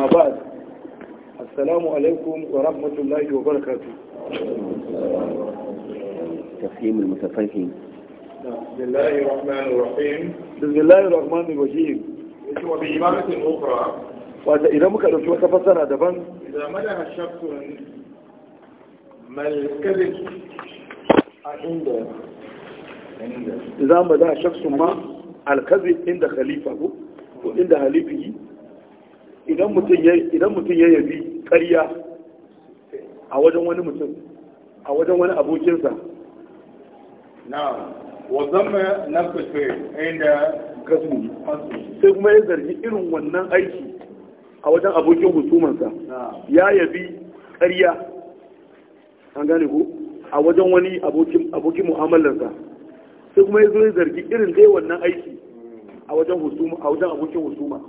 amma ba assalamu alaikum wa rahmatullahi wa barakatu idan muka dauki wata fassara daban idan madaha shakkun a inda idan madaha shakkun ma al-kadhib inda khalifa ko inda idan mutum ya yabi ƙarya a wajen wani mutum a wajen wani abokinsa na wazan na kusurwa inda kasu sai kuma ya zargi irin wannan aiki a wajen abokin husumansa ya yabi ƙarya an gane ku a wajen wani abokin mu'amalarsa sai kuma ya zo ya zargi irin dai wannan aiki a wajen abokin husuma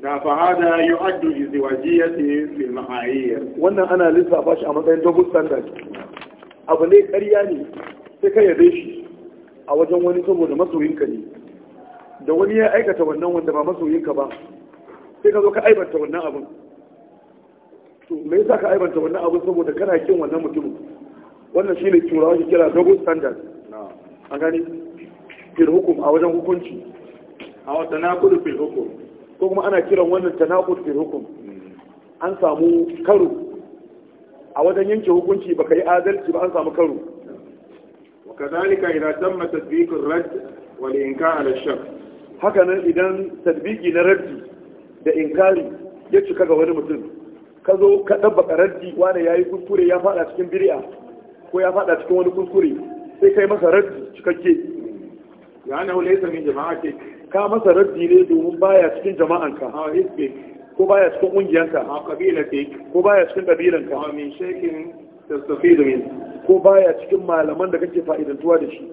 da fa hada yu'addu izwajiyyati fil ma'ayir wannan ana lissafa shi a matsayin double standard abu ne ƙarya ne sai ka yabe shi a wajen wani saboda masoyinka ne da wani ya aikata wannan wanda ba masoyinka ba sai ka zo ka aibanta wannan abin to me yasa ka aibanta wannan abin saboda kana kin wannan mutumin wannan shine turawa shi kira double standard a gani fil hukum a wajen hukunci a wata na kudu fil hukum ko kuma ana kiran wannan tanaqud fil hukum an samu karo a wajen yanke hukunci baka yi adalci ba an samu karo wa kadhalika idan tamma tadbiq ar-radd wal inkar ala shak haka nan idan tadbiqi na raddi da inkari ya cika ga wani mutum ka zo ka dabbaka raddi wanda yayi kuskure ya fada cikin biri'a, ko ya fada cikin wani kuskure sai kai masa raddi cikakke ya ana laysa min jama'atik ka masa raddi ne domin baya cikin jama'anka ha hizbi ko baya cikin ha kabila kabilati ko baya cikin kabilanka ha min shekin tasfidu min ko baya cikin malaman da kake fa'idantuwa da shi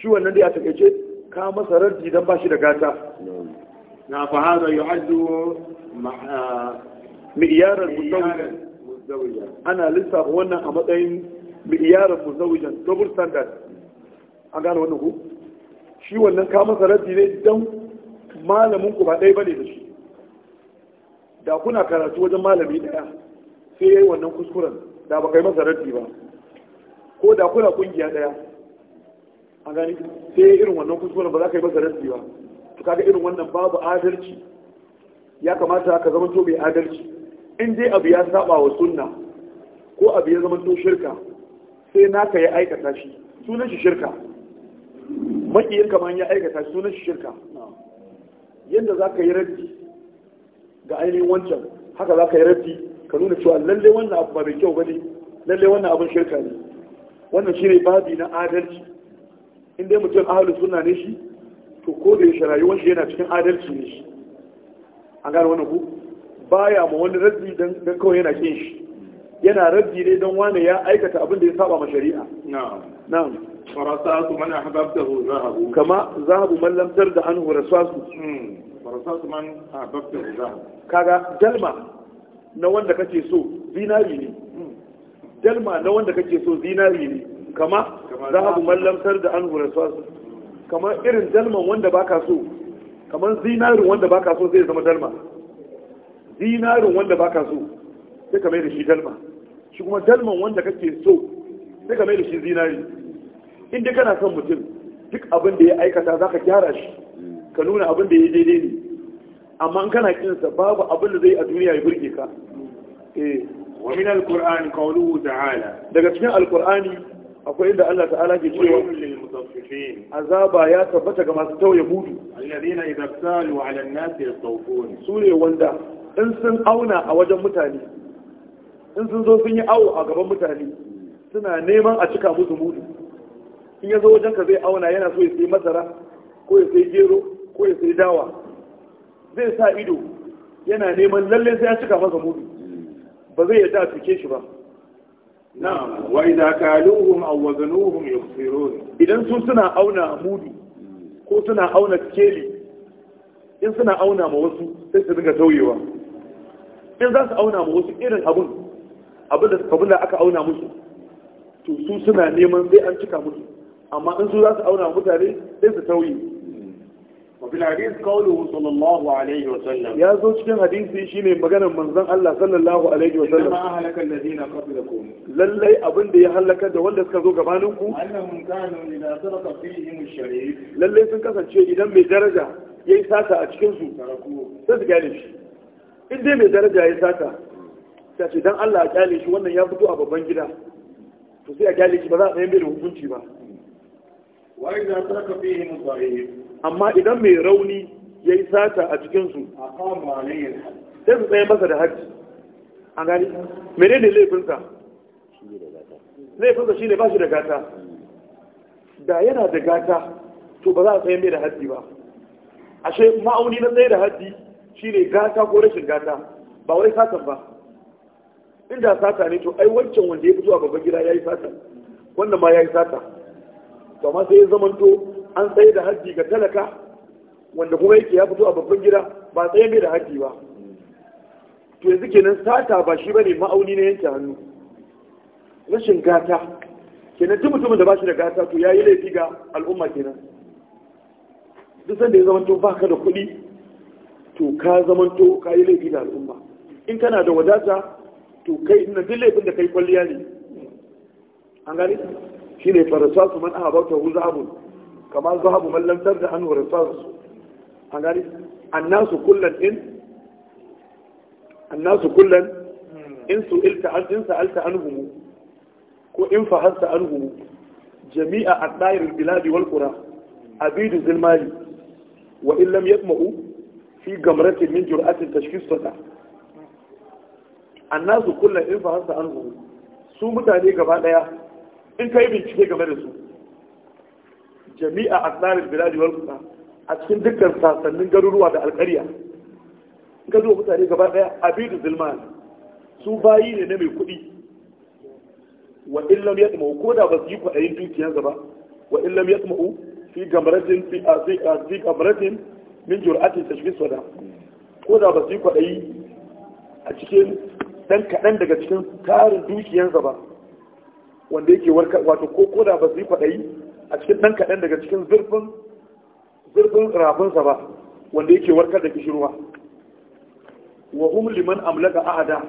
shi wannan dai a takeice ka masa raddi dan bashi da gata na fa hada yu'addu ah, mi'yarar mutawwijan ana lissafa wannan a matsayin mi'yarar mutawwijan double standard an gane wannan ku shi wannan ka masa raddi ne don malamin ku ba ɗaya ba ne da shi da kuna karatu wajen malami ɗaya sai ya yi wannan kuskuren da ba kai masa raddi ba ko da kuna kungiya ɗaya a gani sai yayi irin wannan kuskuren ba za ka yi masa raddi ba to kaga irin wannan babu adalci ya kamata ka zama to mai adalci in dai abu ya saba wa sunna ko abu ya zama to shirka sai naka ya aikata shi sunan shi shirka makiyin kamar ya aikata sunan shirka yadda za ka yi rabbi ga ainihin wancan haka za ka yi rabbi, ka nuna cewa lalle wannan abu ba mai kyau ne, lalle wannan abin shirka ne wannan shi ne babi na adalci Inda mutum ahalu suna ne shi to ko da yaushe rayuwar shi yana cikin adalci ne shi a gane wannan ku baya ma wani rabbi don kawai yana kin shi yana rabbi ne don wani ya aikata abin da ya saba ma shari'a na'am فرصاص من أحببته ذهب كما من لم ترد عنه رصاص na wanda so zinari ne dalma na wanda so zinari ne kama zahabu da an kama irin wanda baka so zinarin wanda baka so zai zama dalma zinarin wanda baka so sai dalma wanda sai ka mai zinari inda kana son mutum duk abin da ya aikata za ka gyara shi ka nuna abin da ya daidai ne amma in kana kinsa babu abin da zai a duniya ya burge ka eh. wa min alqur'ani qawluhu ta'ala daga cikin alkur'ani akwai inda Allah ta'ala ke cewa azaba ya tabbata ga masu tauye mudu. alladhina idza 'ala an-nasi yastawfun wanda in sun auna a wajen in sun zo sun yi awo a gaban mutane suna neman a cika musu mudu in ya zo wajen ka zai auna yana so ya sayi masara ko ya sayi gero ko ya sayi dawa zai sa ido yana neman lalle sai ya cika masa mudu ba zai yadda a tuke shi ba na'am wa idza kaluhum aw wazanuhum yukhsirun idan sun suna auna mudu ko suna auna keli in suna auna ma wasu sai su dinga tauyewa in za su auna ma wasu irin abun abin da aka auna musu to su suna neman sai an cika musu amma in su za su auna mutane sai su tauyi wafin hadis kawo sallallahu alaihi wa sallam ya zo cikin hadisi shine maganar manzon Allah sallallahu alaihi wa sallam inna halakal ladina qablakum lallai abin da ya halaka da wanda suka zo gabanin ku annahum kanu ila taraka fihim ash lallai sun kasance idan mai daraja yayi sata a cikin su sai su shi in dai mai daraja yayi sata ta dan Allah ya kyale shi wannan ya fito a babban gida to sai a kyale shi ba za a tsaye mai da hukunci ba wai ta ka fi hin amma idan mai rauni ya yi sata a cikinsu su aqama sai su tsaye masa da haji an gani menene ne Laifinsa laifinsa shi ne ba shi da gata da yana da gata to ba za a tsaye mai da haji ba ashe ma'auni na tsaye da haji ne gata ko rashin gata ba wai satan ba inda sata ne to ai wancan wanda ya fito a babban gida ya yi sata wannan ma ya yi sata to amma sai ya zamanto an tsaye da haji ga talaka wanda kuma yake ya fito a babban gida ba tsaye mai da haji ba to yanzu kenan sata ba shi bane ma'auni na yanke hannu rashin gata kenan duk mutumin da ba shi da gata to ya yi laifi ga al'umma kenan duk sanda ya zamanto ka da kuɗi to ka zamanto ka yi laifi ga al'umma in kana da wadata to kai ina duk laifin da kai kwalliya ne an gani shi ne farisasu man aha bauta hu zahabun kama zahabu man lamtar da hannu farisasu an gani annasu kullan in annasu kullan in su ilta an in sa'alta anhum ko in fahasta anhum jami'a adair albilad wal qura abidu zil mali wa in lam yatma'u fi gamratin min jur'atin tashkhis sada annasu kullan in fahasta anhum su mutane gaba daya in ka yi bincike game da su jami'a asnarin biladi wal a cikin dukkan sassanin garuruwa da alƙarya in ka zuwa mutane gaba ɗaya abidu zulman su bayi ne na mai kuɗi wa illam ya tsamo ko da ba su yi kwaɗayin dukiyarsa ba wa illam ya tsamo fi gamaratin fi gamaratin min jur'atin tashbis wada ko da ba su yi kwaɗayi a cikin ɗan kaɗan daga cikin tarin dukiyarsa ba wanda yake warka wato ko da ba su yi kwaɗayi a cikin ɗan kaɗan daga cikin zurfin zurfin rafinsa ba wanda yake warkar da kishirwa wa hum liman amlaka ahada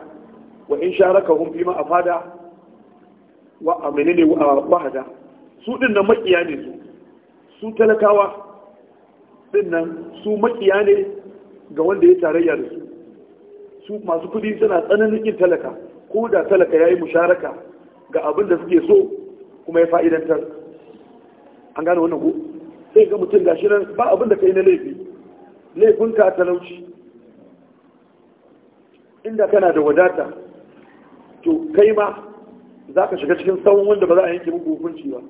wa in sharaka hum bima afada wa amene ne wa wahada su din nan makiya ne su su talakawa din nan su makiya ne ga wanda ya tarayya da su su masu kudi suna tsananin kin talaka ko da talaka yayi musharaka ga abin da suke so kuma ya fa'idantar an gane wannan ku. sai ga mutum gashi nan ba abin da yi na laifi laifinka talauci inda kana da wadata to kai ma za ka shiga cikin tsawon wanda ba za a yanke muku hukunci ba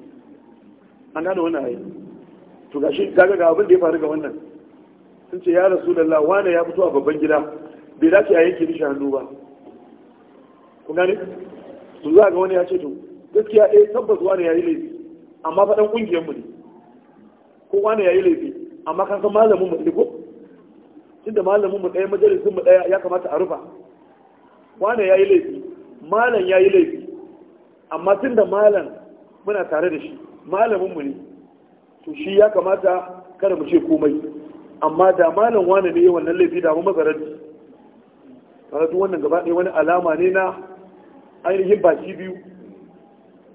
an gane wannan ayi to gashi kaga ga abin da ya faru ga wannan sun ce ya da wane ya fito a babban gida bai dace a yanke mishi hannu ba Ku gane to za ga wani ya ce to gaskiya eh tabbas wani yayi laifi amma fa dan kungiyar mu ne ko wani yayi laifi amma kan san malamin mu ne ko tunda malamin mu ɗaya majalisin mu ɗaya ya kamata a rufa wani yayi laifi malam yayi laifi amma tunda malam muna tare da shi malamin mu ne to shi ya kamata kada mu ce komai amma da malam wani ne wannan laifi da mu mazarar raddi wannan gaba ɗaya wani alama ne na ainihin baki biyu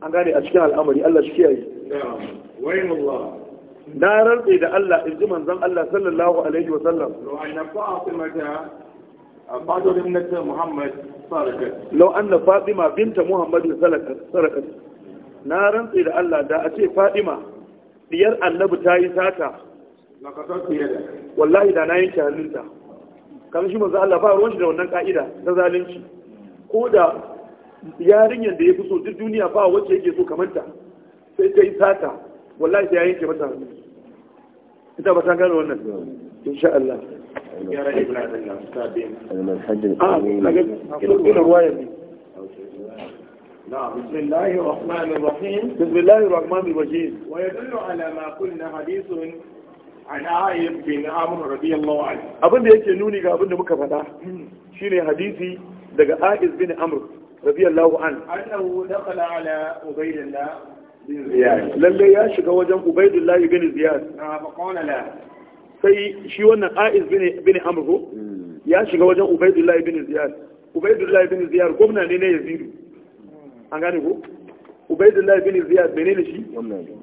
an gane a cikin al'amari Allah shi kiyaye wayin Allah na rantsa da Allah in ji manzon Allah sallallahu alaihi wa sallam law anna fatimata fadu ibnat Muhammad sarakat law anna fatima binta Muhammad sarakat na rantsa da Allah da a ce Fatima diyar Annabi ta yi sata wallahi da na yanke hannunta kan shi manzo Allah ba ruwan shi da wannan ka'ida ta zalunci ko da yarinyar da ya fi so duk duniya ba wacce yake so kamanta sai ta yi sata wallahi sai yayin yanke mata hannu ita ba ta gane wannan sha Allah نعم بسم الله الرحمن الرحيم بسم الله الرحمن الرحيم ويدل على ما قلنا حديث عن عائب بن عمرو رضي الله عنه أبن دي يكي نوني ga دي مكفتا شيني حديثي دقا hadisi بن Aiz radiyallahu an annahu dakhala ala ubaydillah bin lalle ya shiga wajen ubaydillah bin ziyad sai shi wannan aiz bin bin amru hmm. ya shiga wajen ubaydillah bin ziyad ubaydillah bin ziyad gwamna ne na yazidu hmm. an gane ko ubaydillah bin ziyad menene shi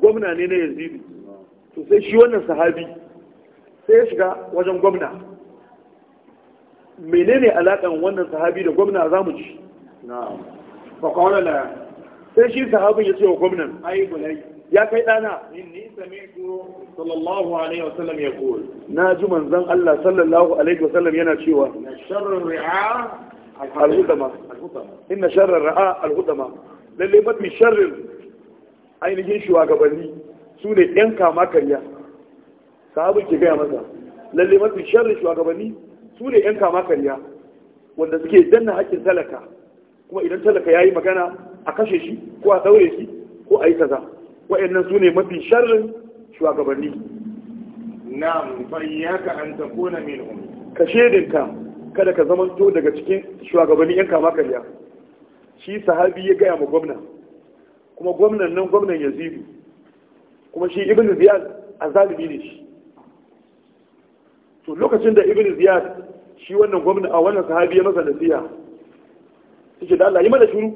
gwamna ne na yazidu to sai shi wannan sahabi sai ya shiga wajen gwamna menene alakan wannan sahabi da gwamna za mu ci fa qala sai shi sahabin ya ce wa gwamnan ai bulai ya kai dana inni sami'tu sallallahu alaihi wasallam yaqul na ji manzon Allah sallallahu alaihi wasallam yana cewa sharru ri'a al-hudama inna sharra ri'a al-hudama lalle mafi sharrin ainihin shugabanni su ne yan kama karya sahabin ke gaya masa lalle mafi sharrin shugabanni su ne yan kama karya wanda suke danna haƙƙin talaka kuma idan talaka ya yi magana a kashe shi ko a daure shi ko a yi kaza wa'annan su ne mafi sharrin shugabanni na'am ka an na min. ka shedinka kada ka to daga cikin shugabanni yan kama karya shi sahabi ya gaya ma gwamna kuma gwamnan nan gwamnan yazidu kuma shi ibn ziyad azalimi ne shi to lokacin da ibn ziyad shi wannan gwamna a wannan sahabi ya masa nasiha suke da Allah yi mana shuru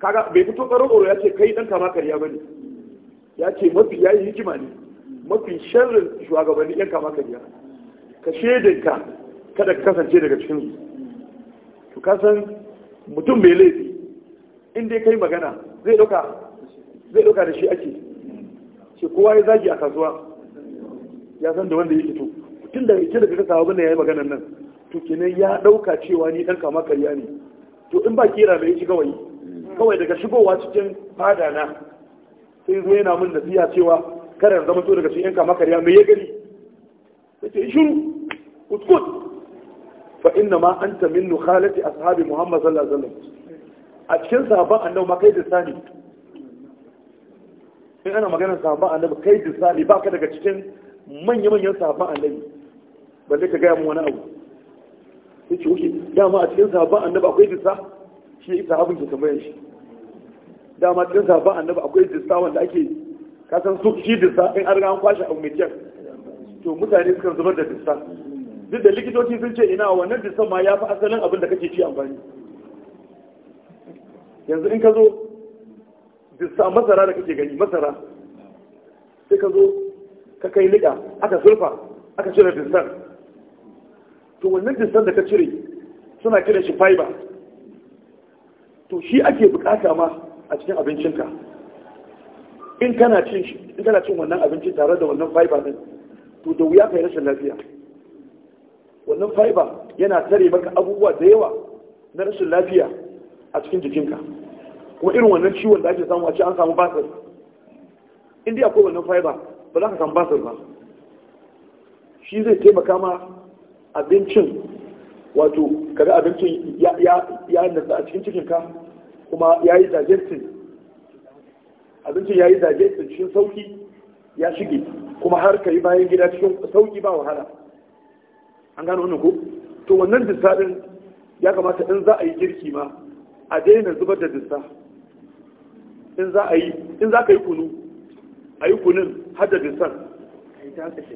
kaga bai fito karo oro ya ce kai dan kama ba bane ya ce mafi yayi hikima ne mafi sharrin shugabanni yan kama kariya. ka shedanka kada ka kasance daga cikin su to san mutum mai laifi in dai kai magana zai dauka zai dauka da shi ake ce kowa ya zagi a kasuwa ya san da wanda yake to tun da yake da ka sawa ya yi maganar nan to kenan ya ɗauka cewa ni ɗan kama karya ne to in ba kira bai shi kawai kawai daga shigowa cikin fada na sai zo yana min nasiha cewa kada zama to daga cikin yan kama karya mai ya gani sai ce shiru uskut fa inna ma anta min nukhalati ashabi muhammad sallallahu alaihi wasallam a cikin sahabban annabi ma kai da sani in ana maganar sahabban annabi kai da sani baka daga cikin manya-manyan sahabban annabi balle ka gaya mu wani abu sai ce wuce dama a cikin sahabban annaba akwai dissa shi ne sahabin ke tambayar shi dama cikin sahabban annaba akwai dissa wanda ake kasan su shi dissa in an riga an kwashe abu mai kyan to mutane sukan zubar da dissa duk da likitoci sun ce ina wannan dissan ma ya fi asalin abin da kake ci amfani yanzu in ka zo dissa masara da kake gani masara sai ka zo ka kai niƙa aka sulfa aka cire dissan to wannan dinsan da ka cire suna kiran shi fiber to shi ake bukata ma a cikin abincinka in kana cin shi in kana cin wannan abincin tare da wannan fiber din to da wuya kai rashin lafiya wannan fiber yana tare maka abubuwa da yawa na rashin lafiya a cikin jikinka kuma irin wannan ciwon da ake samu a ce an samu basir in dai akwai wannan fiber ba za ka samu basir ba shi zai taimaka ma abincin wato kaga abincin ya nasa a cikin cikinka kuma ya yi digestin abincin ya yi digestin cikin sauki ya shige kuma har ka yi bayan gida cikin sauki ba wahala an gano wannan ko to wannan din ya kamata in za a yi girki ma a daina zubar da dinsa in za a yi in za ka yi kunu a yi kunun har da dissan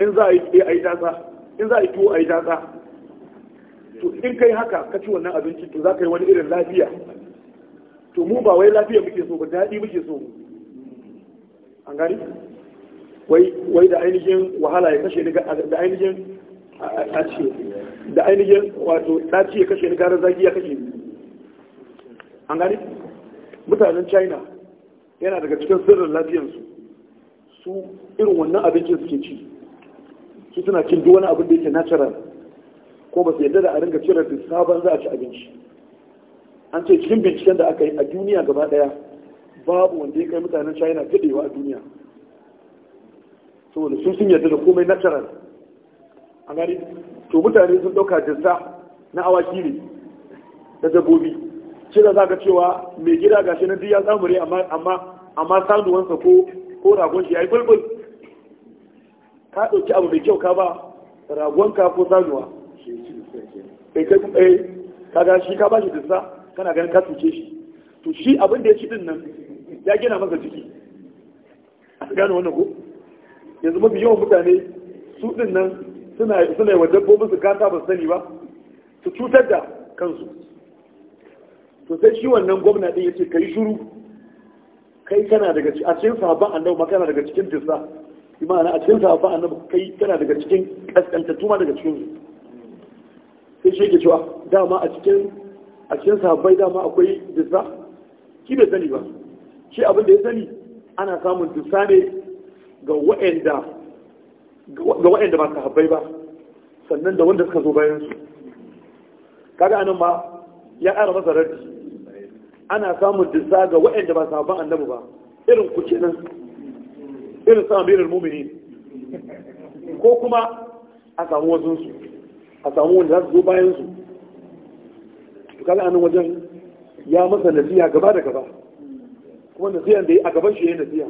in za a yi a yi dasa in za a yi tuwo a yi jaza to in kai haka ka ci wannan abinci to za ka yi wani irin lafiya to mu ba wai lafiya muke so ba daɗi muke so an gani wai da ainihin wahala ya kashe ni da ainihin a ce da ainihin wato ɗaci ya kashe ni gara zagi ya kashe an gani mutanen china yana daga cikin sirrin lafiyansu su irin wannan abincin suke ci su suna cin duk abin da yake natural ko ba su yadda da a ringa cire da sabon za a ci abinci an ce cikin binciken da aka yi a duniya gaba daya babu wanda ya kai mutanen china daɗewa a duniya saboda sun sun yadda da komai natural a gani to mutane sun ɗauka jinsa na awaki ne da dabbobi shi za ka cewa mai gida gashi na duk ya samu amma amma amma ko ko ragon shi ya yi bulbul ka ɗauki abu mai kyau ka ba ragonka ko sanuwa bai kai kuma ɗaya eh, ka ga shi ka ba shi dusa kana ganin ka tuce shi to shi abin da ya ci din nan ya gina masa jiki a gane wannan ko yanzu mafi yawan mutane su din nan suna suna wa dabbobin su gata ba sani ba su cutar da kansu to sai shi wannan gwamna din yace kai shuru kai kana daga cikin a cikin sahabban annabi ma kana daga cikin dinsa imana a cikin sahabba annabi kai kana daga cikin kaskantattu ma daga cikin su sai shi ke cewa dama a cikin a cikin safai dama akwai dusa shi bai sani ba shi abin da ya sani ana samun dusa ne ga wa'anda ga wa'anda ba sahabbai ba sannan da wanda suka zo bayan su kaga anan ma ya ƙara masa raddi ana samun dusa ga wa'anda ba sahabban annabi ba irin ku kenan irin sa amirul mu'minin ko kuma a samu wasu su a samu wanda za su zo bayan su kala anan wajen ya masa nasiha gaba da gaba kuma nasiyan da a gaban shi ya nasiha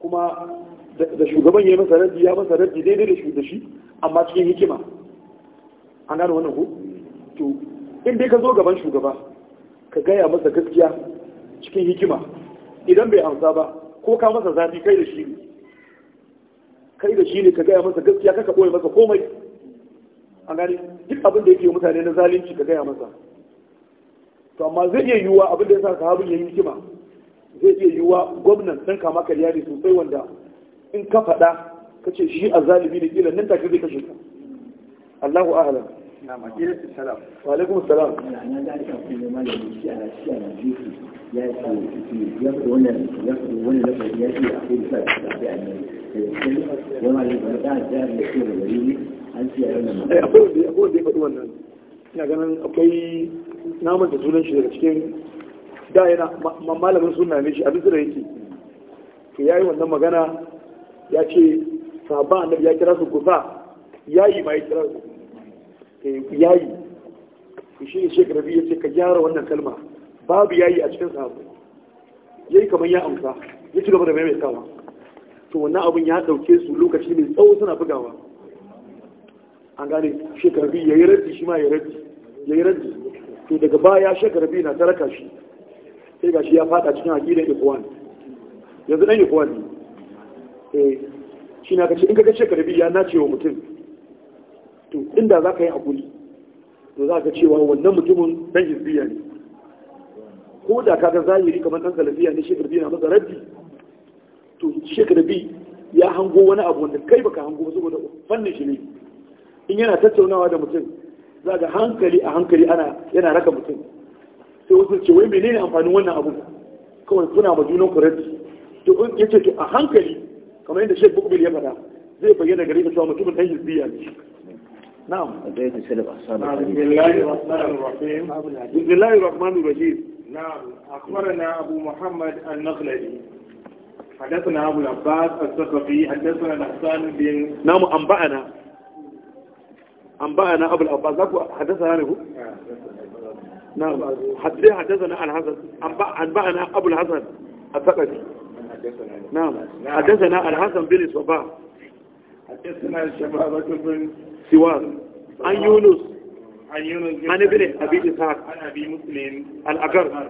kuma da shugaban ya masa raddi ya masa raddi daidai da shi da shi amma cikin hikima an gano wannan ko to in dai ka zo gaban shugaba ka gaya masa gaskiya cikin hikima idan bai amsa ba ko ka masa zafi kai da shi ne kai da shi ne ka gaya masa gaskiya kaka ɓoye masa komai A gani duk abin da yake yi mutane na zalunci ka gaya masa to amma zai iya yiwuwa abin ya sa sahabin ya yi hikima zai iya yiwuwa gwamnan ɗan kama karya ne sosai wanda in ka faɗa ka ce shi a zalimi da kila nan take zai kashe ka Allahu a'lam na salam na shi ya fi wannan ya ce da wani da eh, ina ganin akwai naman da sunan shi daga cikin da yana malamin suna ne shi abin da yake to yayi wannan magana ya ce sahaba annabi ya kira su kusa yayi ma ya kira su yayi shi ne shekar rabi ya ce ka gyara wannan kalma babu yayi a cikin sahabu yayi kamar ya amsa ya ci gaba da maimaitawa to wannan abin ya dauke su lokaci mai tsawo suna bugawa an gane shekar rabi yayi rabi shi ma ya yi yayi to daga baya shekaru rabi na taraka shi sai ga shi ya fada cikin aqidan ikhwan yanzu dan ikhwan eh shi na kace in ka ga shekaru rabi ya nace wa mutum to inda za ka yi hakuri to za ka cewa wannan mutumin dan hizbiya ne ko da ga zahiri kamar dan salafiya ne shekar biyu na masa raddi to shekar biyu ya hango wani abu wanda kai baka hango ba, saboda fannin shi ne in yana tattaunawa da mutum za ga hankali a hankali ana yana raka mutum sai wasu ce wai menene amfanin wannan abu kawai suna ma junan ku to in ce to a hankali kamar yadda shek bukubil ya faɗa zai bayyana gari ka cewa mutumin dan hizbiya ne نعم, نعم. بسم الله الرحمن الرحيم بسم الله الرحمن الرحيم نعم أخبرنا أبو محمد النخلي حدثنا أبو العباس الثقفي حدثنا الأحسان بن نعم أنبأنا أنبأنا أبو العباس حدثنا عنه نعم حدثنا حدثنا عن حسن أنبأنا أبو الحسن الثقفي نعم. نعم حدثنا الحسن بن صباح حدثنا شبابة بن سواس عن يونس عن يونس عن ابن أبي إسحاق عن أبي مسلم الأقر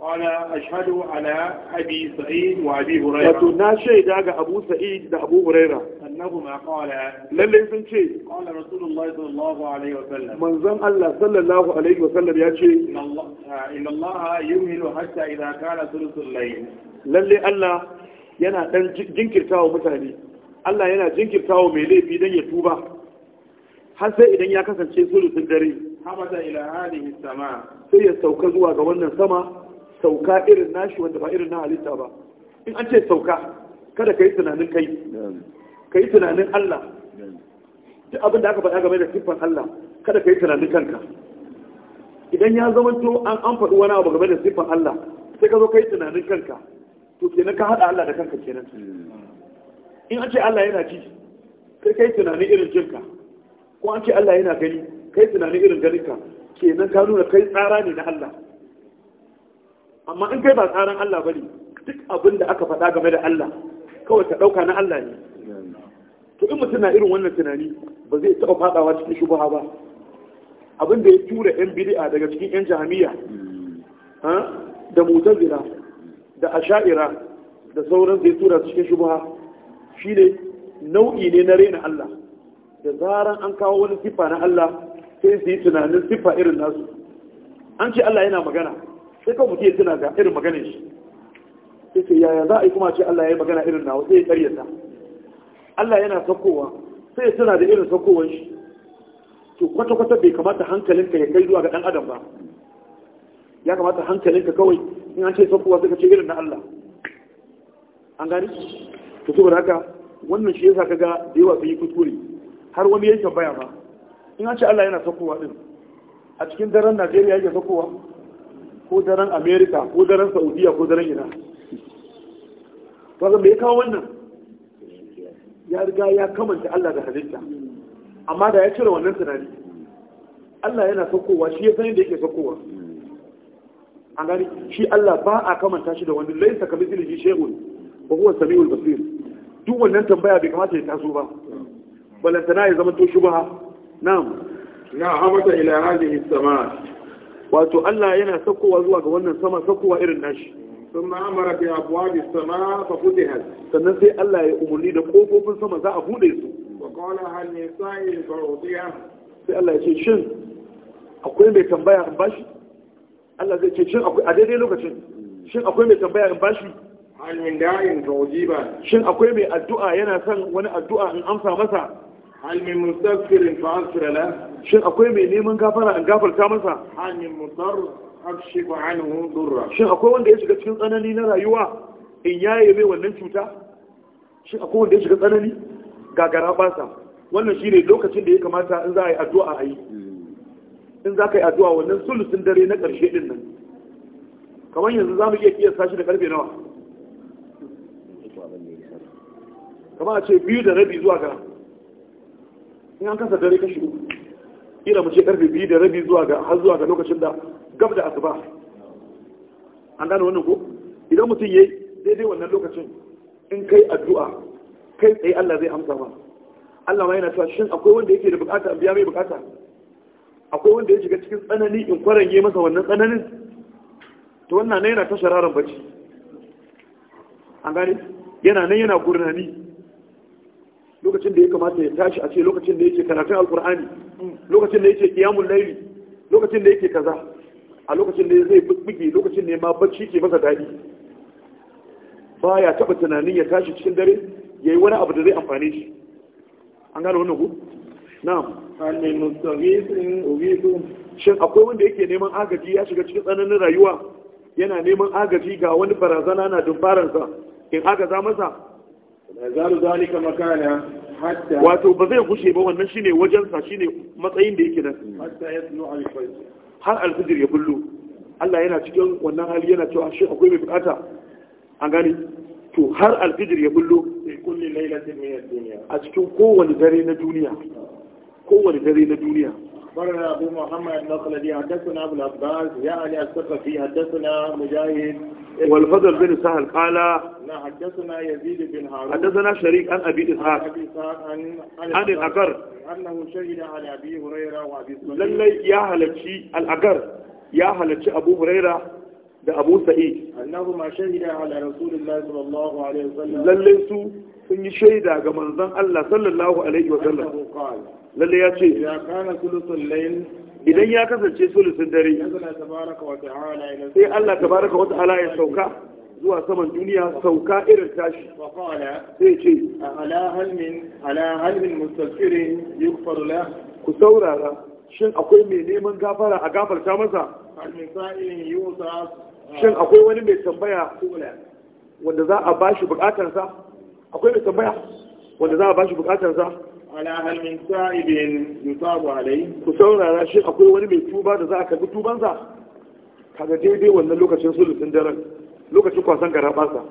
قال أشهد على أبي سعيد وأبي هريرة فتنا شيء داغ أبو سعيد دا أبو هريرة أنهما قال للي شيء قال رسول الله صلى الله عليه وسلم من زم الله صلى الله عليه وسلم يا شيء إن الله يمهل حتى إذا كان ثلث الليل للي الله ينا dan jinkirtawa mutane Allah yana jinkirta wa mai laifi don ya tuba har sai idan ya kasance sulusun dare hamada ila halihi sama sai ya sauka zuwa ga wannan sama sauka irin nashi wanda ba irin na halitta ba in an ce sauka kada ka yi tunanin kai ka yi tunanin Allah duk abin da aka faɗa game da siffan Allah kada ka yi tunanin kanka idan ya zama to an an faɗi wani abu game da siffan Allah sai ka zo ka yi tunanin kanka to kenan ka haɗa Allah da kanka kenan hmm. in an ce Allah yana ji kai kai tunanin irin jinka ko an ce Allah yana gani kai tunanin irin ganinka Ke nan ka nuna kai tsara ne na Allah amma in kai ba tsaran Allah ba ne, duk abin da aka faɗa game da Allah kawai ta ɗauka na Allah ne to in mutum na irin wannan tunani ba zai taɓa faɗawa cikin shubuha ba abin da ya tura yan bid'a daga cikin yan jami'a da mutazila da asha'ira da sauran zai tura cikin shubuha shine nau'i ne na rena Allah da zaran an kawo wani sifa na Allah sai su yi tunanin sifa irin nasu an ce Allah yana magana sai kawai mutum ya tuna ga irin maganin shi sai ce yaya za a yi kuma ce Allah ya yi magana irin nawa sai ya karyata Allah yana sakowa sai ya tuna da irin sakowar shi to kwata-kwata bai kamata hankalinka ya kai zuwa ga dan adam ba ya kamata hankalinka kawai in an ce sakowa suka ce irin na Allah an gani to saboda haka wannan shi yasa kaga da yawa sun yi kuskure har wani ya baya ma in an ce Allah yana sakowa din a cikin daren Najeriya yake sakowa ko daren America ko daren Saudiya ko daren ina to ga me kawo wannan ya riga ya kamanta Allah da halitta amma da ya cire wannan tunani Allah yana sakowa shi ya san da yake sakowa an gani shi Allah ba a kamanta shi da wani laisa kamithlihi shay'un wa huwa samiul basir duk wannan tambaya bai kamata ya taso ba balantana ya zama to shubha na'am na amata ila hadhihi sama wato Allah yana sakowa zuwa ga wannan sama sakowa irin nashi ثم امر sama السماء ففتحت sannan sai Allah ya umarni da kofofin sama za a bude su وقال هل من سائل فاعطيه sai Allah ya ce shin akwai mai tambaya in bashi Allah zai ce shin akwai a daidai lokacin shin akwai mai tambaya in bashi hal da'in fa ujiba shin akwai mai addu'a yana son wani addu'a in amsa masa hal min mustaghfirin fa aghfir la shin akwai mai neman gafara in gafarta masa hal mutar mutar ba anhu durra shin akwai wanda ya shiga cikin tsanani na rayuwa in yaye mai wannan cuta shin akwai wanda ya shiga tsanani gagara sa. wannan shine lokacin da ya kamata in za a yi addu'a a yi in za ka yi addu'a wannan sulusun dare na ƙarshe din nan kamar yanzu za mu iya kiyasta shi da karfe nawa kama a ce biyu da rabi zuwa ga in an kasa dare kashi uku ila mu ce karfe biyu da rabi zuwa ga har zuwa ga lokacin da gab da asuba an gane wannan ko idan mutum yayi daidai wannan lokacin in kai addu'a kai tsaye Allah zai amsa ma Allah ma yana cewa shin akwai wanda yake da bukata biya mai bukata akwai wanda ya shiga cikin tsanani in kwaranye masa wannan tsananin to wannan ne yana ta shararan bacci an gane yana nan yana gurnani lokacin da ya kamata ya tashi a ce lokacin da yake karatun alkur'ani lokacin da yake kiyamun laili lokacin da yake kaza a lokacin da zai bugi lokacin ne ma bacci ke masa daɗi baya taɓa tunanin ya tashi cikin dare ya yi wani abu da zai amfane shi an gane wannan ku na'am shin akwai wanda yake neman agaji ya shiga cikin tsananin rayuwa yana neman agaji ga wani barazana na dubbaransa in agaza masa wato ba zai gushe ba wannan shine wajensa shine matsayin da yake nan har alfijir ya bullo Allah yana cikin wannan hali yana cewa shi akwai mai bukata an gani to har alfijir ya bullo a cikin kowane dare na duniya kowane dare na duniya أخبرنا أبو محمد المخلدي حدثنا أبو العباس يعني الثقفي حدثنا مجاهد والفضل بن سهل قال حدثنا يزيد بن هارون حدثنا شريك عن أبي إسحاق عن الأقر أنه شهد على أبي هريرة وأبي سعيد للي يا هلتشي الأقر يا هلتشي أبو هريرة da Abu Sa'id annahu ma shahida ala rasulillahi sallallahu alaihi wasallam lalle su sun yi shaida ga manzon Allah sallallahu alaihi wasallam lalle ya ce idan ya kasance sulusun dare sai Allah tabaraka wa ta'ala ya sauka zuwa saman duniya sauka irin tashi sai ce ala hal ala hal min mustaghfirin yughfar la ku saurara shin akwai mai neman gafara a gafarta masa shin akwai wani mai tambaya wanda za a bashi bukatarsa akwai mai tambaya wanda za a bashi bukatarsa ala hal sa'ibin yutabu alai ku saurara shi akwai wani mai tuba da za a karbi tubansa kaga daidai wannan lokacin sulusun daren lokacin kwasan garabansa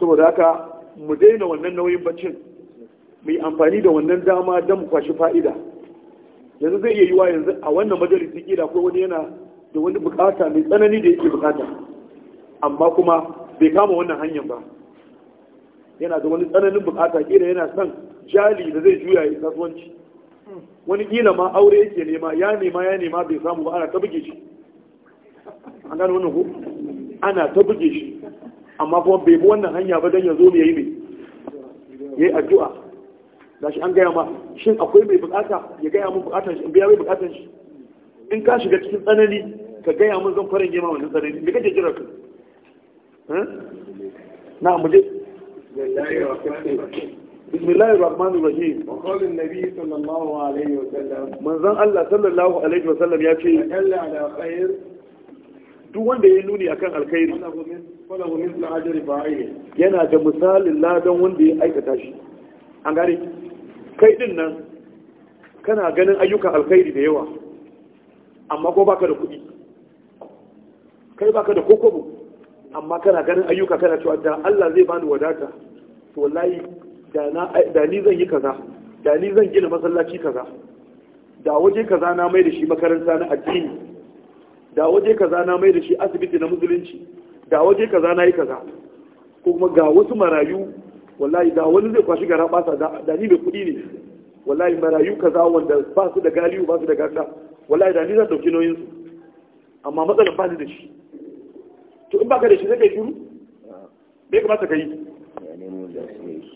saboda haka mu daina wannan nauyin baccin mu yi amfani da wannan dama don mu kwashi fa'ida yanzu zai iya wa yanzu a wannan majalisi kila ko wani yana da wani bukata mai tsanani da yake bukata amma kuma bai kama wannan hanyar ba yana da wani tsananin bukata kira yana son jali da zai juya ya kasuwanci wani kila ma aure yake nema ya nema ya nema bai samu ba ana ta buge shi an gano wannan ko ana ta buge shi amma kuma bai bi wannan hanya ba don ya zo ne yi mai yayi addu'a shi an gaya ma shin akwai mai bukata ya gaya mun bukatan shi in biya mai bukatan shi in ka shiga cikin tsanani ka gaya mun zan yi gema wannan tsanani me kake jira ka na mu بسم الله الرحمن الرحيم وقال النبي صلى الله عليه وسلم من ظن الله صلى الله عليه وسلم يأتي دل على خير duk wanda ya nuni akan alkhairi yana da misalin ladan wanda ya aikata shi an gane kai din nan kana ganin ayyukan alkhairi da yawa amma ko baka da kuɗi kai baka da kokobo amma kana ganin ayyuka kana cewa da Allah zai bani wadata to wallahi da ni zan yi kaza da ni zan gina masallaci kaza da waje kaza na mai da shi makaranta na addini da waje kaza na mai da shi asibiti na musulunci da waje kaza na yi kaza ko kuma ga wasu marayu wallahi da wani zai kwashi gara basa da ni mai kuɗi ne wallahi marayu kaza wanda ba su da galiyu ba su da gasa wallahi da ni zan dauki nauyin su amma matsalar ba ni da shi to in baka da shi zai kai shiru bai kamata ka yi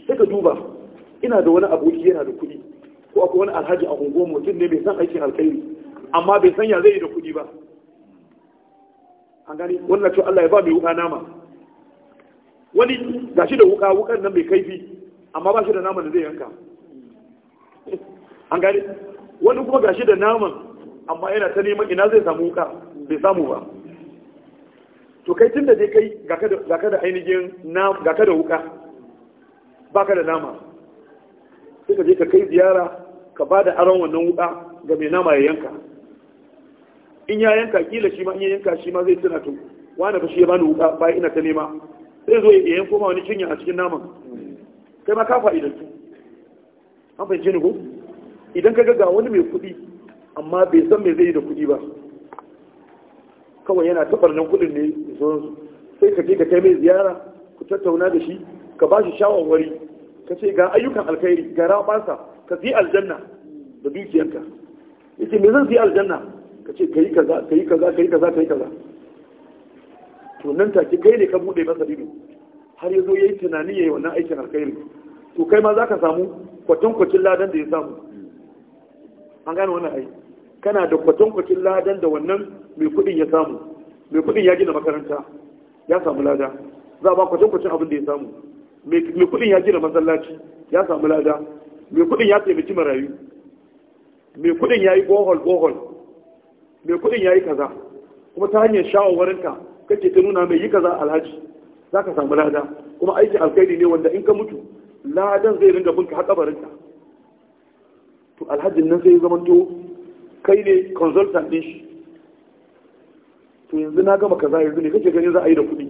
sai ka duba ina da wani abu yana da kuɗi ko akwai wani alhaji a unguwar mutum ne mai san aikin alkairi amma bai sanya zai yi da kuɗi ba an gani wannan cewa Allah ya ba mai wuka nama wani gashi da wuka wukan nan mai kaifi amma ba shi da naman da zai yanka an gani wani kuma gashi da naman amma yana ta neman ina zai samu wuka bai samu ba to kai tun da dai kai ga ka da ainihin ga ka da wuka ba ka da nama sai ka je ka kai ziyara ka ba da aron wannan wuka ga mai nama ya yanka in ya yanka kila shi ma in ya yanka shi ma zai tuna to wani ba shi ya bani wuka bayan ina ta nema sai zo ya yanko ma wani cinya a cikin naman kai ma ka su. an fahimci ni ko idan ka ga wani mai kuɗi amma bai san me zai yi da kuɗi ba kawai yana ta nan kuɗin ne sai ka je ka kai mai ziyara ku tattauna da shi ka ba shi shawarwari ka ce ga ayyukan alkhairi ga rabansa ka zi aljanna da dukiyarka yake me zan zi aljanna ka ce kai kaza kai kaza kai kaza kai kaza to nan take kai ne ka bude masa ido har ya zo ya yi tunani ya yi wannan aikin alkhairi to kai ma za ka samu kwatankwacin ladan da ya samu an gane wannan aiki kana da kwatankwacin ladan da wannan mai kudin ya samu mai kudin ya gina makaranta ya samu lada za a ba kwatankwacin abin da ya samu mai kudin ya gina masallaci ya samu lada mai kudin ya taimaki marayu mai kudin ya yi bohol bohol mai kudin ya yi kaza kuma ta hanyar shawarwarinka kake ta nuna mai yi kaza alhaji za ka samu lada kuma aikin alkhairi ne wanda in ka mutu ladan zai ringa binka haƙabarinka to alhajin nan zai zamanto kai ne consultant din shi to yanzu na gama kaza yanzu ne kake ganin za a yi da kuɗi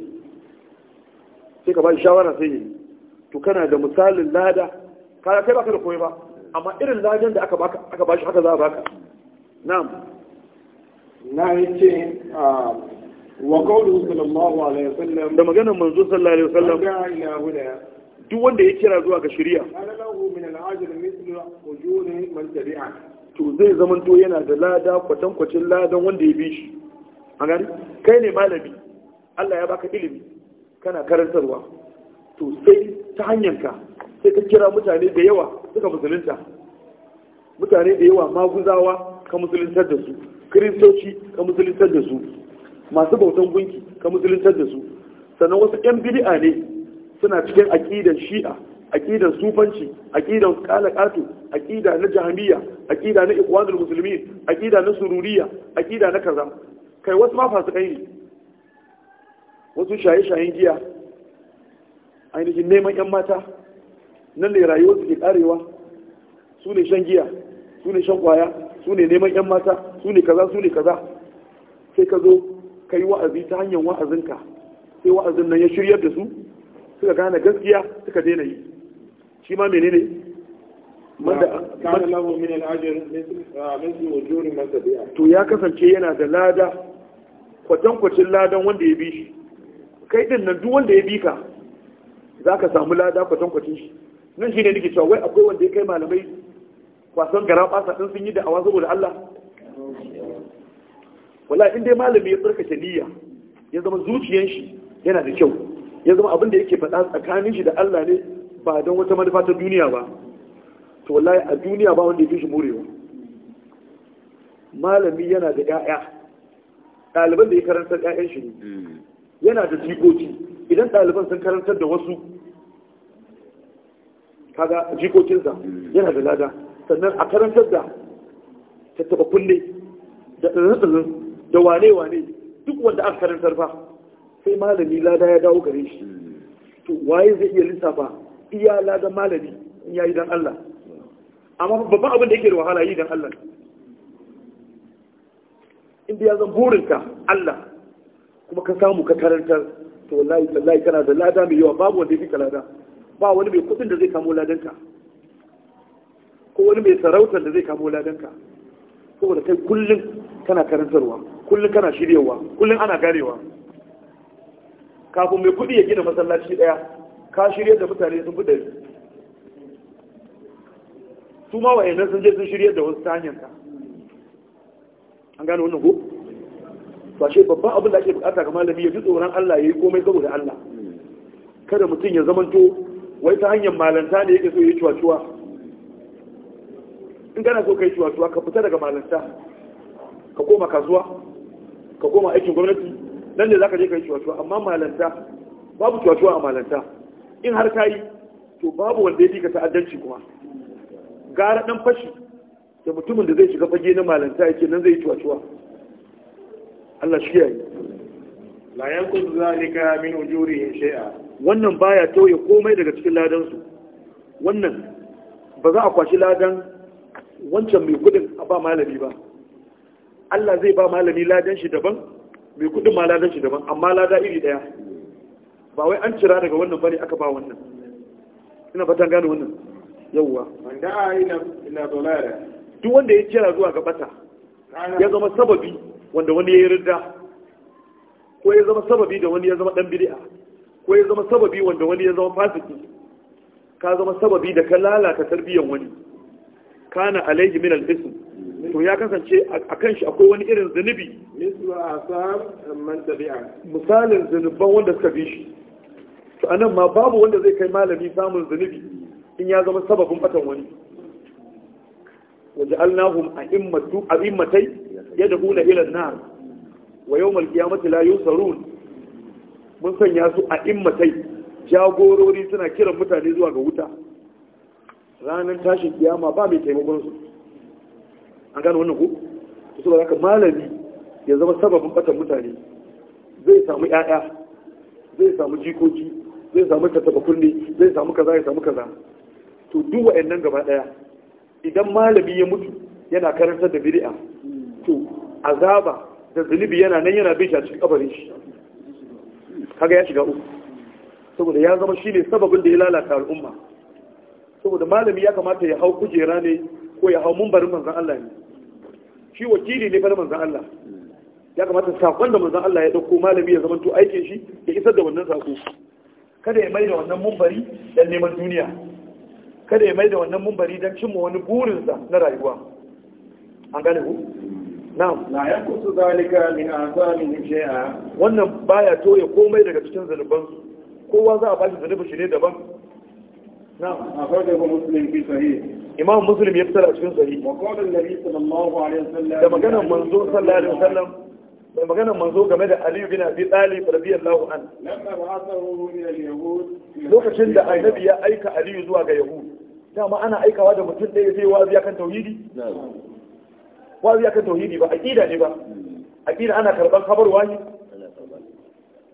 sai ka ba shi shawara sai yi to kana da misalin lada kaya kai baka da koyi ba amma irin ladan da aka baka aka bashi haka za a baka na'am na ce wa qawluhu sallallahu alaihi wasallam da maganar manzo sallallahu alaihi wasallam duk wanda ya kira zuwa ga shari'a to zai zamanto yana da lada kwatankwacin ladan wanda ya bi shi a gani kai ne malami Allah ya baka ilimi kana karantarwa to sai ta hanyanka sai ka kira mutane da yawa suka musulunta mutane da yawa maguzawa ka musuluntar da su kiristoci ka musuluntar da su masu bautan gunki ka musuluntar da su sannan wasu 'yan bid'a ne suna cikin aƙidar shi'a aqidar sufanci aqidar kalakatu aqida na jahmiya aqida na ikhwanul muslimin aqida na sururiya aqida na kaza kai wasu ma fasikai ne wasu shaye-shayen giya ainihin neman 'yan mata nan ne rayuwar su ke karewa su ne shan giya su ne shan kwaya su ne neman 'yan mata su ne kaza su ne kaza sai ka zo ka yi wa'azi ta hanyar wa'azinka sai wa'azin nan ya shiryar da su suka gane gaskiya suka daina yi shi ma menene ah, to ya kasance yana da lada kwatankwacin ladan wanda ya bi shi kai din nan duk wanda ya bi ka za ka samu lada kwatankwacin shi nan shi ne nake cewa wai akwai wanda ya kai malamai kwasan gara basa din sun yi da'awa saboda Allah wala in dai malami ya tsarkake niyya ya zama zuciyan shi yana da kyau ya zama abin da yake faɗa tsakanin shi da Allah ne ba don wata manufa ta duniya ba to wallahi a duniya ba wanda ya fi shi murewa malami yana da 'ya'ya ɗaliban da ya karantar 'ya'yan shi ne mm. yana da jikoki idan ɗaliban sun karantar da wasu kaga jikokinsa mm. yana da lada sannan a karantar da tattaba kulle da tsazin da wane-wane duk wanda aka karantar ba sai malami lada ya dawo gare shi mm. to waye zai iya lissafa iya ladan malami in ya yi don Allah amma babban abin da yake da wahala yi don Allah in ya zan burinka Allah kuma ka samu ka karantar to wallahi wallahi kana da lada mai yawa babu wanda yake lada ba wani mai kudin da zai kamo ladanka ko wani mai sarautar da zai kamo ladanka saboda kai kullum kana karantarwa kullum kana shiryewa kullum ana garewa kafin mai kudi ya gina masallaci daya ka shirya da mutane sun fi Su su ma wa'annan sun je sun shirya da wasu ta hanyar ka an gano wannan ko ba shi babban abin da ake bukata ga malami ya ji tsoron Allah ya yi komai saboda Allah kada mutum ya zamanto wai ta hanyar malanta ne yake so ya yi cuwa-cuwa in gana so ka yi cuwa-cuwa ka fita daga malanta ka koma kasuwa ka koma aikin gwamnati nan ne za ka je ka yi cuwa-cuwa amma malanta babu cuwa-cuwa a malanta in har ka yi to babu wanda ya fi ka ta'addanci kuma gara dan fashi da mutumin da zai shiga fage na malanta yake nan zai tuwa-tuwa Allah shi ya yi la yanku zalika min ujuri shay'a wannan baya tauye komai daga cikin ladan su wannan ba za a kwashi ladan wancan mai kudin a ba malami ba Allah zai ba malami ladan shi daban mai kudin ma ladan shi daban amma lada iri daya ba wai an cira daga wannan bane aka ba wannan ina fatan gane wannan yawwa wanda yi na dolara duk wanda ya kira zuwa ga bata ya zama sababi wanda wani ya yi ridda ko ya zama sababi da wani ya zama dan bid'a ko ya zama sababi wanda wani ya zama fasiki ka zama sababi da ka lalata tarbiyyar wani kana alaihi min al-ism to ya kasance a kan shi akwai wani irin zunubi misalin zunuban wanda suka bi shi to anan ma babu wanda zai kai malami samun zunubi in ya zama sababin batan wani waja'alnahum a'immatu a'immatai yad'una ila an-nar wa yawm al-qiyamati la yusarun mun sanya su a'immatai jagorori suna kiran mutane zuwa ga wuta ranar tashin kiyama ba mai taimakon su an gano wannan ku su ba haka malami ya zama sababin batan mutane zai samu 'ya'ya zai samu jikoki zai samu taba kulle zai samu kaza ya samu kaza to duk wa'annan gaba daya idan malami ya mutu yana karantar da bid'a to azaba da zunubi yana nan yana bin shi a cikin kabarin shi kaga ya shiga uku saboda ya zama shine sababin da ya lalata al'umma saboda malami ya kamata ya hau kujera ne ko ya hau mumbarin manzan Allah ne shi wakili ne fara manzan Allah ya kamata sakon da manzan Allah ya dauko malami ya zama to aikin shi ya isar da wannan sako kada ya mai da wannan mumbari don neman duniya kada ya mai da wannan mumbari don cimma wani burinsa na rayuwa an gane ku na'am ya kusa zalika min azami shay'a wannan baya toye komai daga cikin zanubansu kowa za a bashi zanubin shi ne daban na'am ga Musulmi fi sahih imam muslim ya fitar a cikin sahih wa qala an-nabi sallallahu alaihi wasallam da maganar manzo sallallahu alaihi wasallam mai magana manzo game da Aliyu bin Abi Talib radiyallahu an lokacin da annabi ya aika Aliyu zuwa ga Yahud dama ana aikawa da mutum ɗaya zai wazi kan tauhidi wazi kan tauhidi ba aqida ne ba hmm. aqida ana karban kabarwa ne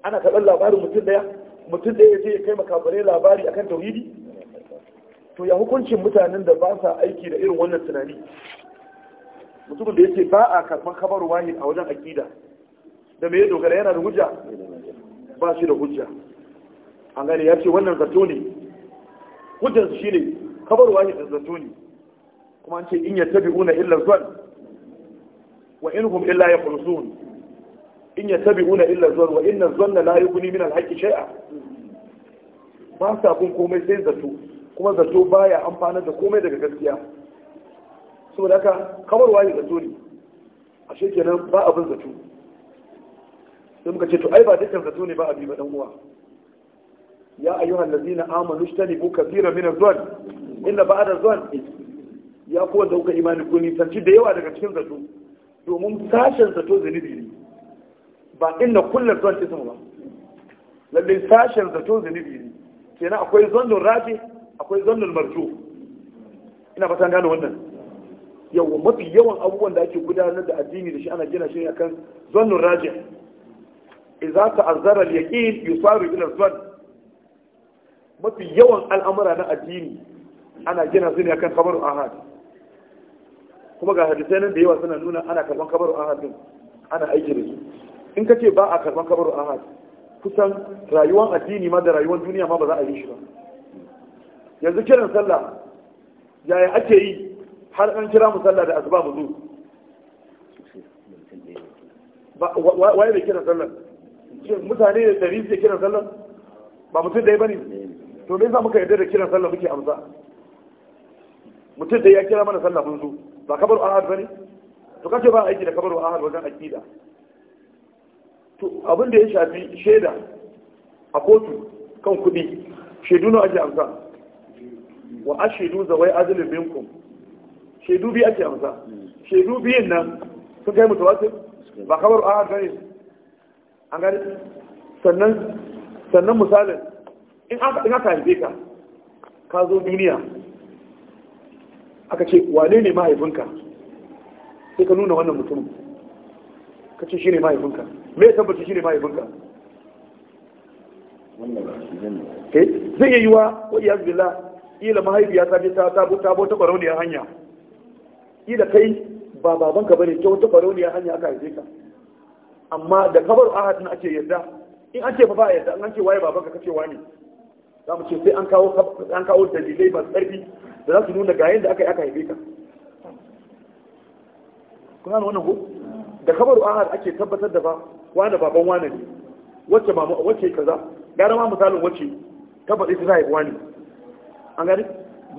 ana karban labarin mutum ɗaya mutum ɗaya ya kai makabarai labari akan tauhidi to ya hukuncin mutanen da ba sa aiki da irin wannan tunani mutumin da yake ba a karban kabarwa ne a wajen aqida da me ya dogara yana da hujja ba shi da hujja an gane ya ce wannan zato ne hujjar shi ne kabarwa ne zato ne kuma an ce in ya tabi una illa zuwan? wa in hum illa ya kursun in ya tabi una illa zuwan, wa inna na la yughni min al shai'a? ba sa komai sai zato kuma zato baya amfana da komai daga gaskiya saboda haka kabarwa ne zato ne ashe kenan ba abin zato sai muka ce to ai ba dukkan zato ne ba abi ba dan uwa ya ayyuhal ladzina amanu bu kathiran min adh-dhann inna ba'da adh-dhann ya kuwa da kuka imani ku tanci da yawa daga cikin zato domin sashen zato zunubi ne ba inna kullum zon ismu ba lallai sashen zato zunubi ne kenan akwai zondon rafi akwai zondon marju ina fata gane wannan yawa mafi yawan abubuwan da ake gudanar da addini da shi ana gina shi akan zondon rafi idza ta'azzara al-yaqin yusaru ila al-zann mafi yawan al'amura na addini ana gina su ne akan kabarin ahad kuma ga hadisai nan da yawa suna nuna ana karban kabarin ahad din ana aiki da su in ka ce ba a karban kabarin ahad kusan rayuwar addini ma da rayuwar duniya ma ba za a yi shi ba yanzu kiran sallah yaya ake yi har an kira mu sallah da asuba mu zo waye bai kiran sallah mutane da dari suke kiran sallah ba mutum da ya bane to me za muka yarda da kiran sallah muke amsa mutum da ya kira mana sallah mun zo ba kabaru ahad bane to kake ba aiki da kabaru ahad wajen aqida to abin da ya shafi shaida a kotu kan kuɗi shaidu na ake amsa wa a shaidu zawai adalin minkum shaidu biyu ake amsa shaidu biyun nan sun kai mutawatir ba kabaru ahad bane an gani sannan sannan misalin in aka haife ka ka zo duniya aka ce wane ne mahaifinka sai ka nuna wannan mutumin ka ce shi ne mahaifinka me ya tabbata shi ne mahaifinka zai yi wa wa iya zubila ila mahaifiya ta ta ta ta bauta hanya ila kai ba babanka bane ta wata ƙwarauniyar hanya aka haife ka amma da kabaru ahadin ake yadda in an ce ba ba yadda an ce waye babanka kace wani za mu ce sai an kawo an kawo dalilai masu tsarki da za su nuna ga yadda aka yi aka haife ka kuna da wannan ko da kabaru ahad ake tabbatar da ba wani baban wani ne wacce mama wacce kaza gara ma misalin wacce tabbatar ita haifi wani an gani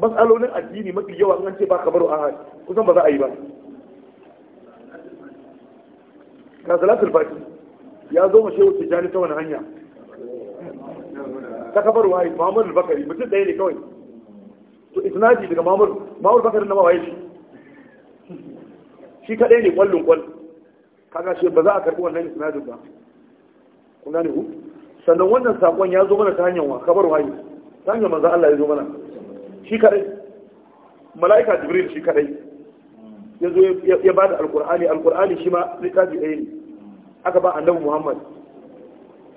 matsalolin addini mafi yawa an ce ba kabaru ahad kusan ba za a yi ba ga salatul fati ya zo mace wuce jani ta wani hanya ta kafar waye mamur bakari mutum ɗaya ne kawai to isnadi daga mamur mamur bakari na mawaye shi shi kaɗai ne ƙwallon ƙwal kaga shi ba za a karɓi wannan isnadin ba kun gane ku sannan wannan saƙon ya zo mana ta hanyar wa kabar waye ta hanyar manzo Allah ya zo mana shi kaɗai mala'ika jibril shi kaɗai ya zo ya ba da alkur'ani alkur'ani shi ma littafi ɗaya ne aka ba annabi muhammad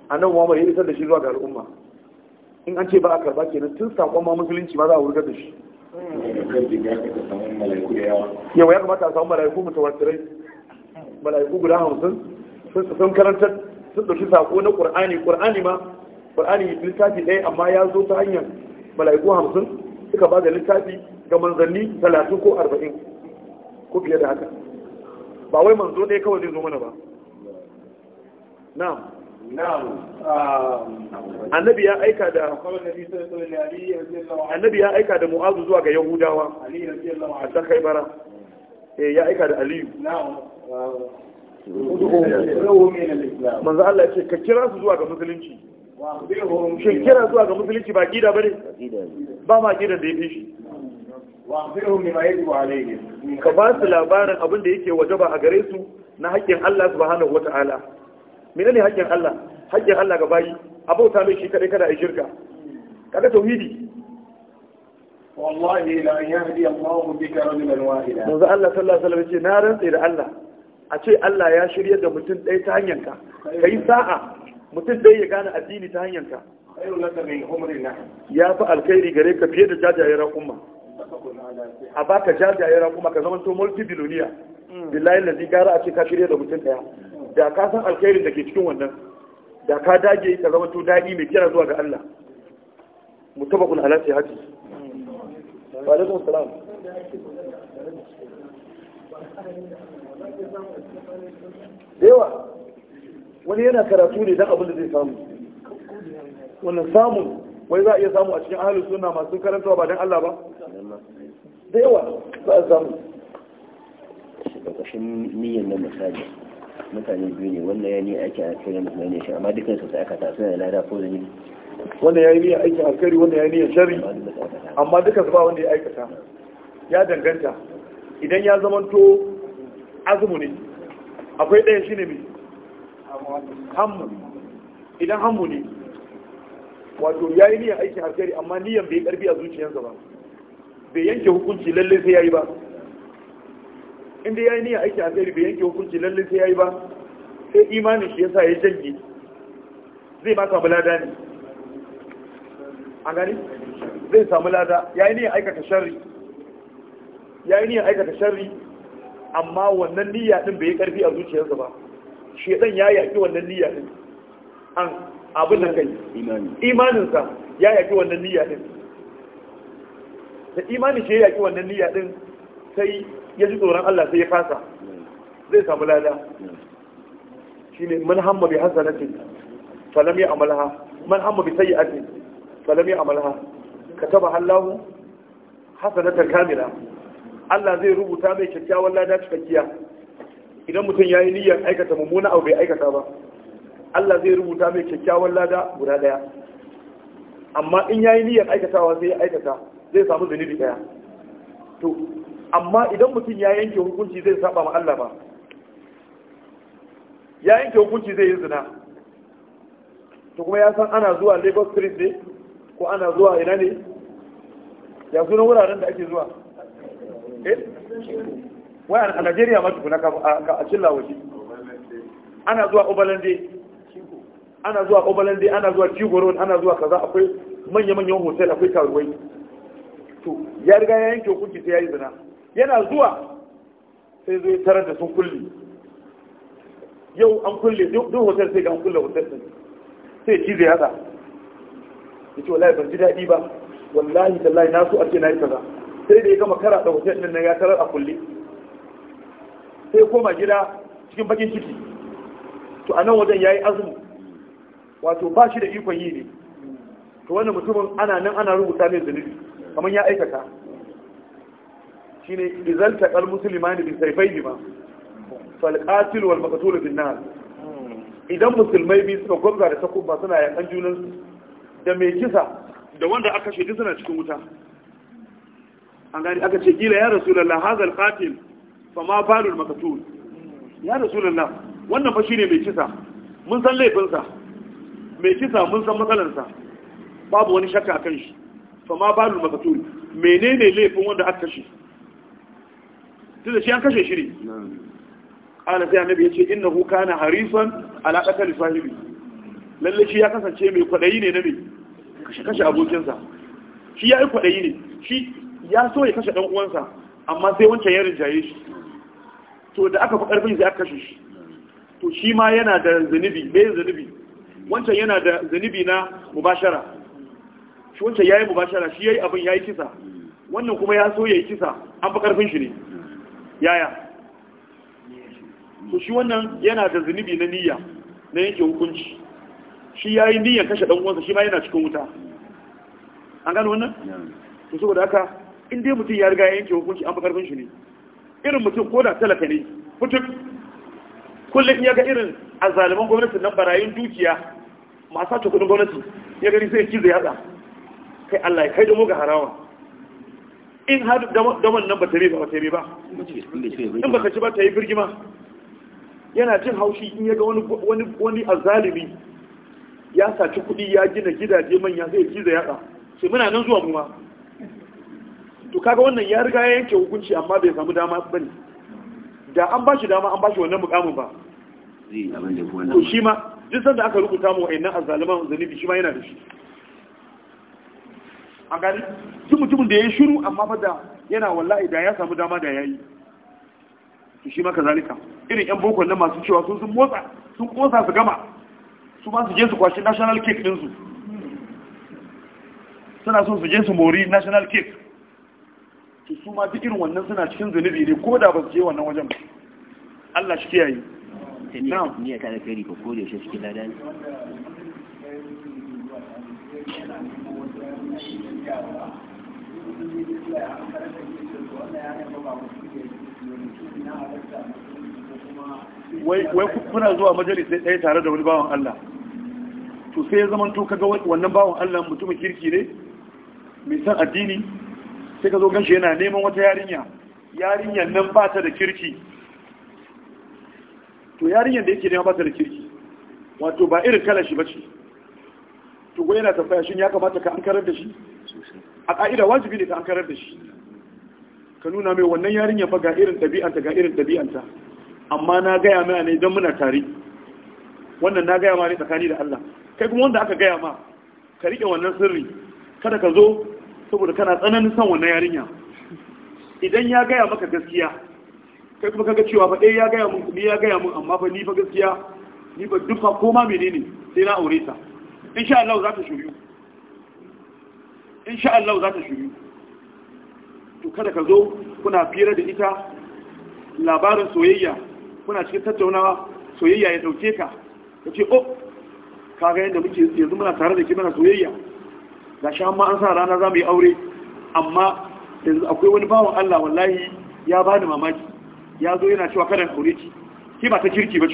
annabi muhammad ya isar da shi zuwa ga al'umma in an ce ba a karba kenan tun sakon ma musulunci ma za a wurgar da shi yawa ya kamata a samu mala'iku mutawatirai mala'iku guda hamsin sun karantar sun ɗauki sako na ƙur'ani ƙur'ani ma ƙur'ani littafi ɗaya amma ya zo ta hanyar mala'iku hamsin suka ba da littafi ga manzanni talatin ko arba'in ko fiye da haka ba wai manzo ɗaya kawai zai zo mana ba Na annabi ya aika da annabi ya aika da mu'azu zuwa ga yahudawa a can kai bara eh, ya aika da aliyu manzo Allah ce ka kira su zuwa ga musulunci shin kira zuwa ga musulunci ba gida ne? ba ma gidan da ya fi shi ka ba su labarin abin da yake ba a gare su na haƙƙin Allah subhanahu wata'ala mene ne haƙƙin Allah haƙƙin Allah ga bayi a bauta mai shi kaɗai kada a shirka kada tauhidi wallahi la yahdi Allahu bika rajulan wahida manzo Allah sallallahu alaihi wasallam ce na rantsa da Allah a ce Allah ya shirya da mutum ɗaya ta hanyar ka kai sa'a mutum ɗaya ya gane addini ta hanyar ka ya fi alkhairi gare ka fiye da jajayen al'umma a baka jajayen kuma ka zama to multibiloniya mm. billahi lazi gara a ce ka shirya da mutum ɗaya da ka san alkhairin da ke cikin wannan da ka dage ka zama to daɗi mai kira zuwa ga Allah mutabakun halatti haji wa alaikum salam da yawa wani yana karatu ne don abin da zai samu wannan samun wai za a iya samu a cikin ahalus na masu karantawa ba don Allah ba da yawa ba a samu ƙarƙashin niyyar na misali mutane biyu ne wannan ya yi aiki a kare mutum ne shi amma dukkan su aka ta suna da lada ko da ni wannan ya yi niyyar aiki a kare wannan ya yi niyyar shari amma dukkan su ba wanda ya aikata ya danganta idan ya zamanto azumu ne akwai ɗaya shi ne mai hammu idan hammu ne wato ya yi niyyar aiki a kare amma niyyar bai karbi a zuciyarsa ba bai yanke hukunci lalle sai yayi ba inda yayi niyyar aiki alheri bai yanke hukunci lalle sai yayi ba sai imanin shi yasa ya janye zai ma samu lada ne a gani zai samu lada yayi niyyar aikata sharri yayi niyyar aikata sharri amma wannan niyya din bai yi karfi a zuciyarsa ba shedan ya yaki wannan niyya din an abin da kai imaninsa ya yaki wannan niyya din da imani ke yaki wannan niyya din sai ya ji tsoron Allah sai ya fasa zai samu lada shine man hamma bi hasanatin falam a amalha man hamma bi sayyi'atin falam ya amalha kataba Allahu hasanatan kamila Allah zai rubuta mai kyakkyawan lada cikakkiya idan mutum ya yi niyyar aikata mummuna abu bai aikata ba Allah zai rubuta mai kyakkyawan lada guda daya amma in ya yi niyyar aikatawa sai ya aikata zai samu zunubi daya to amma idan mutum ya yanke hukunci zai saba ma Allah ba ya yanke hukunci zai yi zina to kuma ya san ana zuwa Lagos Street ne ko ana zuwa ina ne ya suna wuraren da ake zuwa eh wai a Najeriya ma tukuna a cilla waje ana zuwa Obalande ana zuwa Obalande ana zuwa Chigoro ana zuwa kaza akwai manya-manyan hotel akwai karuwai to ya riga ya yanke hukunci sai ya yi zina yana zuwa sai zai tarar da sun kulle yau an kulle duk hotel sai ga an kulle hotel din sai ci zai hada ya ce wallahi ban ji daɗi ba wallahi tallahi na so a ce na yi kaza sai da ya gama kara da hotel din nan ya tarar a kulle sai koma gida cikin bakin ciki to a nan wajen ya yi azumi wato ba shi da ikon yi ne to wannan mutumin ana nan ana rubuta mai zunubi kamar ya aikata shine idan taqal muslimani bi sayfayhi ma fal qatil wal maqtul bin nan idan musulmai biyu suka gwamza da takubba suna yakan junansu da mai kisa da wanda aka shi suna cikin wuta an gani aka ce gila ya rasu rasulallah hazal qatil fa ma balul maqtul ya rasu rasulallah wannan fa shine mai kisa mun san laifinsa mai kisa mun san matsalarsa babu wani shakka akan shi fama lu makaturi menene laifin wanda aka kashe da shi an kashe shi ne ana sai annabi yace innahu kana harifan ala qatl sahibi lalle shi ya kasance mai kwadayi ne na me kashe kashe abokinsa shi ya yi kwadayi ne shi ya so ya kashe dan uwansa amma sai wancan ya rinjaye shi to da aka fi karfin sai aka kashe shi to shi ma yana da zanubi me zanubi wancan yana da zanubi na mubashara shi ya yi mubashara shi ya yi abin yi kisa wannan kuma ya so ya yi kisa an fi karfin shi ne yaya to shi wannan yana da zunubi na niyya na yanke hukunci shi ya yi niyyar kashe ɗan uwansa shi ma yana cikin wuta an gano wannan to saboda haka in dai mutum ya riga yanke hukunci an fi karfin shi ne irin mutum ko da talaka ne mutum kullum ya ga irin a zaliman gwamnati na barayin dukiya masu ta kudin gwamnati ya gani sai ya kiza yatsa kai Allah ya kai da mu ga harawa in har da nan ba ta yi ba ta ba in ba ka ci ba ta yi birgima yana jin haushi in ya ga wani wani azalimi ya saci kuɗi ya gina gidaje manya zai ya da yatsa sai muna nan zuwa mu ma to kaga wannan ya riga ya yanke hukunci amma bai samu dama bane da an ba shi dama an ba shi wannan mukamin ba to shi ma duk sanda aka rubuta mu wa'annan azaliman zanibi, shi ma yana da shi a gani su mutumin da ya yi shiru amma fada da yana wallahi da ya samu dama da ya yi su shi maka zalika irin yan bokon nan masu cewa sun motsa sun kosa su gama su ba su je su kwashi national cake din su suna so su je su mori national cake su su ma duk irin wannan suna cikin zunubi ne ko da ba su je wannan wajen Allah shi kiyaye ya ta da ko ko da shi cikin ladan wai kuna zuwa majalisai ɗaya tare da wani bawan Allah to sai ya zama tuka ga wannan bawan Allah mutumin kirki ne mai san addini sai ka zo ganshi yana neman wata yarinya yarinyar nan ba ta da kirki to yarinyar da yake neman ba ta da kirki wato ba irin kalashi shi ba ce to gwai yana tafaya shi ya kamata ka an karar da shi a ƙa'ida wajibi ne ka an karar da shi ka nuna mai wannan yarinya fa ga irin ɗabi'anta ga irin ɗabi'anta amma na gaya mai ne don muna tare wannan na gaya ma ne tsakani da Allah kai kuma wanda aka gaya ma ka riƙe wannan sirri kada ka zo saboda kana tsananin son wannan yarinya idan ya gaya maka gaskiya kai kuma kaga cewa fa ɗaya eh, ya gaya mun ni ya gaya mun amma fa ni fa gaskiya ni ba duka koma menene sai na aure ta insha Allah za ta shiryu insha Allah za ta shiryu to kada ka zo kuna fira da ita labarin soyayya kuna cikin tattaunawa soyayya ya dauke ka ka ce o oh, kaga yadda muke yanzu muna tare da ke mana soyayya ga shi amma an sa rana za mu yi aure amma yanzu akwai wani bawan Allah wallahi ya bani mamaki ya zo yana cewa kada aure ki ki ba ta kirki ba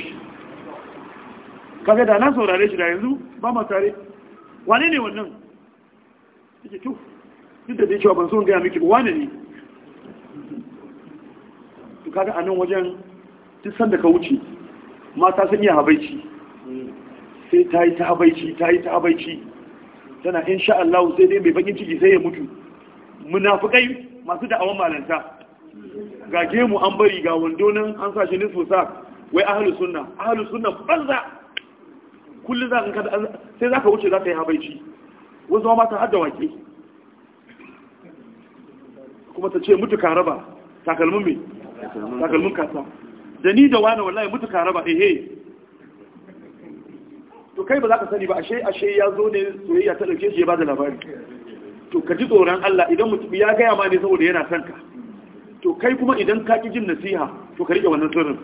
kaga da na saurare shi da yanzu ba ma tare wane ne wannan yake to duk da zai cewa ban son gaya miki wani ne to kaga a nan wajen duk sanda ka wuce mata sun iya habaici sai ta yi ta habaici ta yi ta habaici tana insha Allah sai dai mai bakin ciki sai ya mutu munafukai masu da'awan malanta ga gemu an bari ga wando nan an sa shi ne sa wai ahlus sunna ahlus sunna banza kullum za ka sai za ka wuce za ka yi habaici wasu ma ta hada wake kuma ta ce mutu karaba takalmin mai takalmin kasa da ni da wani wallahi mutu karaba ehe eh. to kai ba za ka sani ba ashe ashe ya zo ne soyayya ta dauke shi ya bada labari to ka ji tsoron Allah idan mutum ya gaya ma ne saboda yana son ka to kai kuma idan ka ki jin nasiha to ka rike wannan sirrin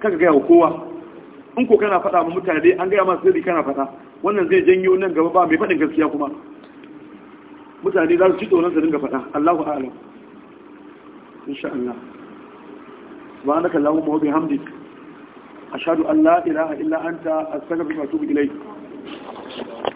kaga gaya wa kowa in ko kana faɗa ma mutane an gaya ma sirri kana faɗa wannan zai janyo nan gaba ba mai faɗin gaskiya kuma mutane za su ci tsoron su dinga faɗa Allahu a'lam insha Allah subhanaka allahumma wa bihamdik ashhadu an la ilaha illa anta astaghfiruka wa atubu ilayk